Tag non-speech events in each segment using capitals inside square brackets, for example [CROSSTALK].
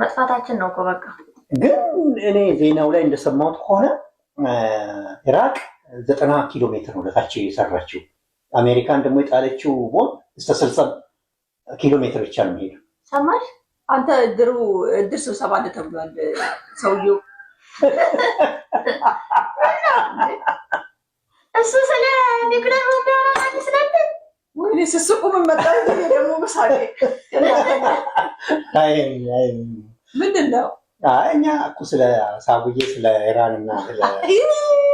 መጥፋታችን ነው እኮ በቃ። ግን እኔ ዜናው ላይ እንደሰማሁት ከሆነ ኢራቅ ዘጠና ኪሎ ሜትር ነው ለታቸው የሰራችው። አሜሪካን ደግሞ የጣለችው ቦምብ እስከ ስልሳ ኪሎ ሜትር ብቻ ነው ሄዱ። ሰማሽ አንተ ድሩ እድር ስብሰባ አለ ተብሏል። ሰውየው [LAUGHS] እሱ ስለ ኒውክሌር ቦምብ ያወራል ወይኔ ስስቁ ምን መጣ ደግሞ ምሳሌ ምንድን ነው? እኛ እኮ ስለ ሳጉዬ ስለ ኢራን እና ስለ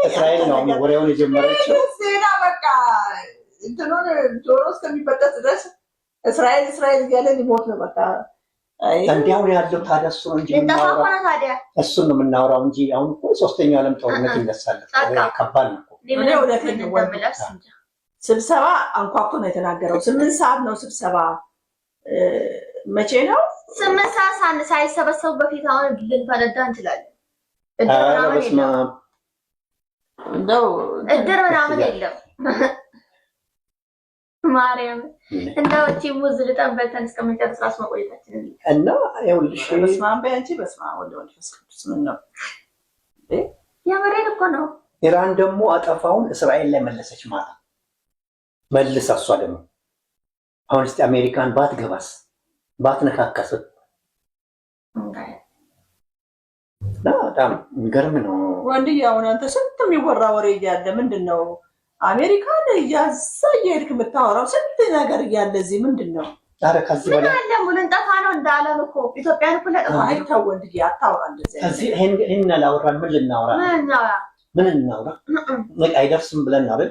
እስራኤል ነው ወሬውን የጀመረችው። ዜና በቃ እንትኑን ጆሮ እስከሚበጠስ ድረስ እስራኤል እስራኤል እያለ ሊሞት ነው በቃ። እንዲያውም ያለው ታዲያ እሱ እንጂ እሱን ነው የምናወራው እንጂ አሁን ሶስተኛው ዓለም ጦርነት ይነሳል። ከባድ ነው። ስብሰባ አንኳኩቶ ነው የተናገረው። ስምንት ሰዓት ነው ስብሰባ። መቼ ነው ስምንት ሰዓት? ሳን ሳይሰበሰቡ በፊት አሁን ልንፈነዳ እንችላለን። እድር ምናምን የለም። [LAUGHS] ማርያም እንደው እቺ ሙዝ ልጠበተን እስከምንጨርስ ራስ መቆየታችን እና ይኸውልሽ፣ በስመ አብ አንቺ በስመ አብ ወልድ ወመንፈስ ቅዱስ። ምን ነው የምሬን እኮ ነው። ኢራን ደግሞ አጠፋውን እስራኤል ላይ መለሰች ማለት መልስ እሷ ደግሞ አሁን እስቲ አሜሪካን ባትገባስ ባትነካካስ? በጣም የሚገርም ነው ወንድዬ። አሁን አንተ ስንት የሚወራ ወሬ እያለ ምንድን ነው አሜሪካን እያዛ እየሄድክ የምታወራው ስንት ነገር እያለ እዚህ ምንድን ነው? ኧረ ከዚህ በላይ ምን አለ ሙሉ ነው እንዳለን እኮ ኢትዮጵያን እኮ ለጠፋ አይተው ወንድዬ፣ አታውራ እንደዚህ። እዚህ ይሄን ምን ልናውራ ምን እናውራ? አይደርስም ብለን አይደል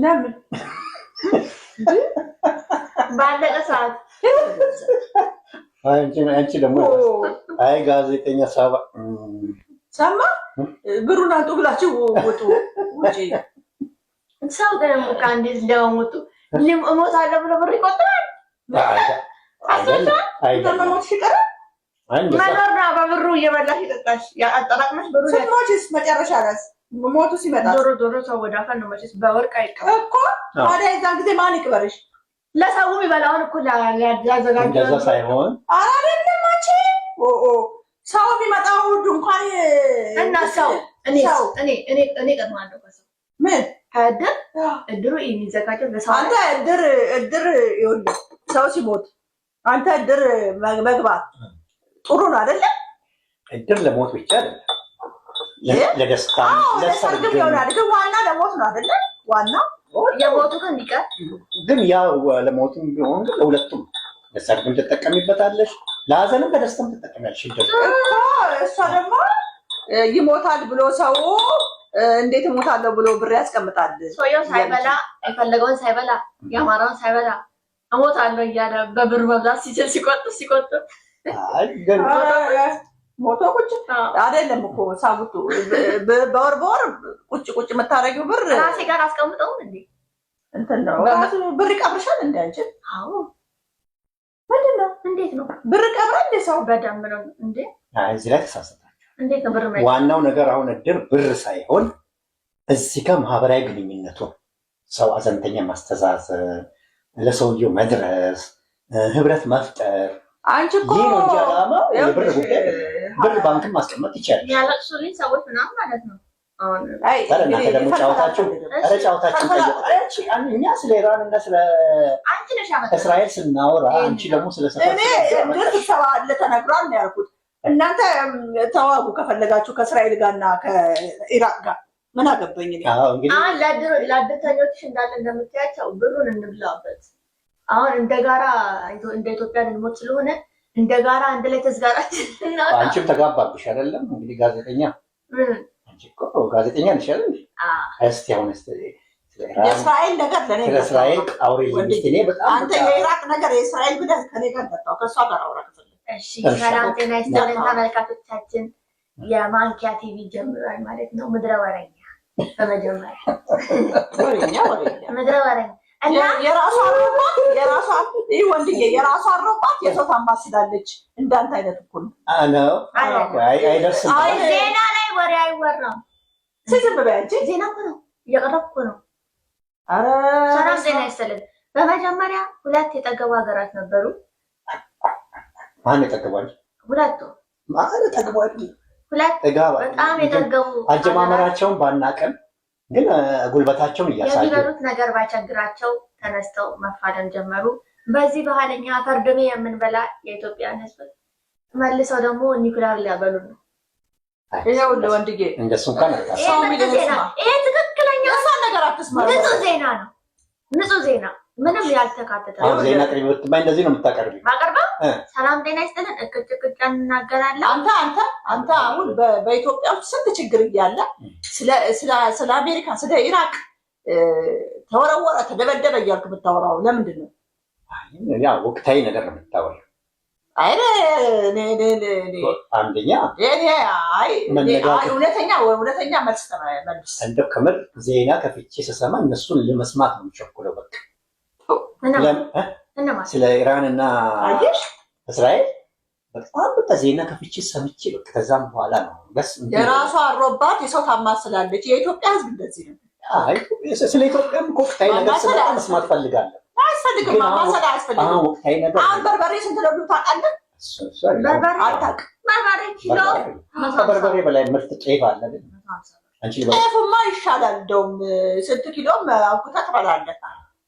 ለምን ባለቀ ሰዓት አንቺ ደግሞ አይ ጋዜጠኛ ሳባ ሳማ ብሩን አውጡ ብላችሁ ወጡ። ውጪ ሰው ደግሞ ከአንዲት ለወጡ እሞታለሁ ብሎ ብር ይቆጥራል። መኖር ነው። በብሩ እየበላሽ ይጠጣሽ አጠራቅመሽ ብሩ ስሞችስ መጨረሻ ላስ ሞቱ ሲመጣ ዞሮ ዞሮ ሰው ወደ አፈር ነው መቼስ፣ በወርቅ አይቀበል እኮ ታዲያ። የዛን ጊዜ ማን ይቅበርሽ? ለሰው ይበላውን እኮ ያዘጋጅ ሳይሆን አይደለም አንቺ ሰው የሚመጣው ድንኳን እና ሰው እኔ እኔ እኔ እኔ እቀድማለሁ ከሰው ምን ከእድር እድሩ የሚዘጋጀው ለሰው አንተ እድር እድር ይኸውልህ ሰው ሲሞት አንተ እድር መግባት ጥሩ ነው አይደለም። እድር ለሞት ብቻ አይደለም ለደስታ ለሰርግ ይሆናል። ግን ዋና ለሞት ነው አይደለ? ዋናው የሞቱ ግን ግን ያው ለሞቱም ቢሆን ግን ለሁለቱም ለሰርግም ትጠቀሚበታለሽ፣ ለሀዘንም ለደስታም ትጠቀሚያለሽ። እሷ ደግሞ ይሞታል ብሎ ሰው እንዴት እሞታለሁ ብሎ ብር ያስቀምጣል። ሰውየው ሳይበላ የፈለገውን ሳይበላ የአማራውን ሳይበላ እሞታለሁ እያለ በብር መብላት ሲችል ሲቆጥ ሲቆጥ ሞቶ ቁጭ አይደለም እኮ ሳቡቱ በወር በወር ቁጭ ቁጭ የምታደርጊው ብር ራሴ ጋር አስቀምጠውም እንዴ እንትን ነው ራሱ ብር ይቀብርሻል እንዴ አንቺ? አዎ ምንድን ነው እንዴት ነው ብር ቀብራ እንዴ ሰው በደም ነው እንዴ? እዚህ ላይ ተሳሰታችሁ። እንዴት ነው ብር ማለት ዋናው ነገር አሁን እድር ብር ሳይሆን እዚህ ጋር ማህበራዊ ግንኙነቱ ሰው አዘንተኛ ማስተዛዘብ ለሰውየው መድረስ፣ ህብረት መፍጠር አንቺ እኮ ብር ባንክም ማስቀመጥ ይቻላል። ያለቅሱልኝ ሰዎች ምናምን ማለት ነው። እስራኤል ስናወራ አንቺ ደግሞ ስለ ስብሰባ ነው ያልኩት። እናንተ ተዋጉ ከፈለጋችሁ ከእስራኤል ጋር እና ከኢራቅ ጋር ምን አገባኝ። ለአደተኞች እንዳለ እንደምታያቸው ብሩን እንብላበት አሁን እንደ ጋራ እንደ ኢትዮጵያ ልንሞት ስለሆነ እንደ ጋራ አንድ ላይ ተዝጋራችን አንቺም ተጋባብሽ አይደለም እንግዲህ ጋዜጠኛ አንቺ እኮ ጋዜጠኛ ነሽ አይደል? እስቲ አሁን እስቲ የእስራኤል ነገር ለኔ እስራኤል አውሪ ልጅ እኔ በጣም አንተ የኢራቅ ነገር የእስራኤል ብለህ ከኔ ጋር ጠጣው ከእሷ ጋር አውራ ከፈለግ። እሺ ሰላም ጤና ይስጥልን ተመልካቾቻችን፣ የማንኪያ ቲቪ ጀምሯል ማለት ነው። ምድረ ወረኛ በመጀመሪያ ወረኛ ወረኛ ምድረ ወረኛ እና የራሷ ሩማ ይህ ወንድዬ የራሱ አሮባት የሰው ታማስላለች። እንዳንተ አይነት እኮ ነው። ዜና ላይ ወሬ አይወራም። ዝም በይ ዜና እኮ ነው እየቀረብኩ ነው። ሰላም ዜና ይስጥልን። በመጀመሪያ ሁለት የጠገቡ ሀገራት ነበሩ። ማን የጠገቧል? ሁለቱ ማን የጠገቧል? ሁለት በጣም የጠገቡ አጀማመራቸውን ባናቅም ግን ጉልበታቸውን እያሳዩ የሚበሉት ነገር ባይቸግራቸው ተነስተው መፋደም ጀመሩ። በዚህ ባህለኛ አፈርድሜ የምንበላ የኢትዮጵያን ህዝብ መልሰው ደግሞ ኒኩላር ሊያበሉ ነው። ይሄ ትክክለኛ ምንም ሰላም ጤና ይስጥልን። እንናገራለን። አንተ አንተ አንተ አሁን በኢትዮጵያ ውስጥ ስንት ችግር እያለ ስለ አሜሪካ ስለ ኢራቅ ተወረወረ፣ ተደበደበ እያልክ የምታወራው ለምንድን ነው? ያው ወቅታዊ ነገር ነው የምታወሪው። አይ አንደኛ እውነተኛ እውነተኛ መልስ መልስ እንደው ከምር ዜና ከፍቼ ስሰማ እነሱን ለመስማት ነው የሚቸኩለው። በቃ ስለ ኢራን እና እስራኤል በጣም በቃ ዜና ከፍቼ ሰምቼ በቃ ከዛም በኋላ ነው የራሷ አሮባት የሰው ታማ ስላለች የኢትዮጵያ ሕዝብ እንደዚህ ነው። ስለ ኢትዮጵያም ኮክታይ ነገር ስለ መስማት ፈልጋለሁ አያስፈልግም። ማሰድ አያስፈልግም። አሁን በርበሬ ስንት ነው ታውቃለህ? በርበሬ ከበርበሬ በላይ ምርት ጤፍ አለ። ጤፍማ ይሻላል። እንደውም ስንት ኪሎም አውቅተህ ትበላለህ።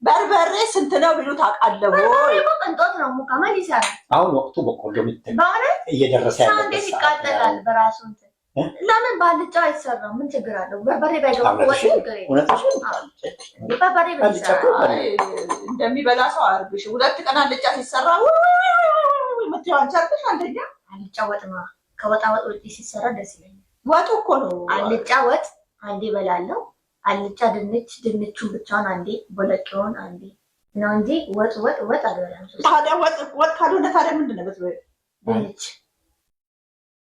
በርበሬ ስንት ነው ቢሉ ታውቃለህ? ቅንጦት ነው። ይሰራል። አሁን ወቅቱ በቆሎ እየደረሰ ያለ ይቃጠላል በራሱ ለምን ባልጫ አይሰራም? ምን ችግር አለው? በርበሬ ባይገባ በርበሬ እንደሚበላ ሰው አርግሽ። ሁለት ቀን አልጫ ሲሰራ የምትይው አንደኛ አልጫ ወጥ ነው። ከወጣ ወጥ ውጪ ሲሰራ ደስ ይለኛል። ወጡ እኮ ነው አልጫ ወጥ። አንዴ እበላለሁ አልጫ ድንች፣ ድንቹን ብቻውን አንዴ፣ ቦለቄውን አንዴ ነው እንጂ ወጥ ወጥ ወጥ አልበላም። ታዲያ ወጥ ወጥ ካልሆነ ታዲያ ምንድን ነው ድንች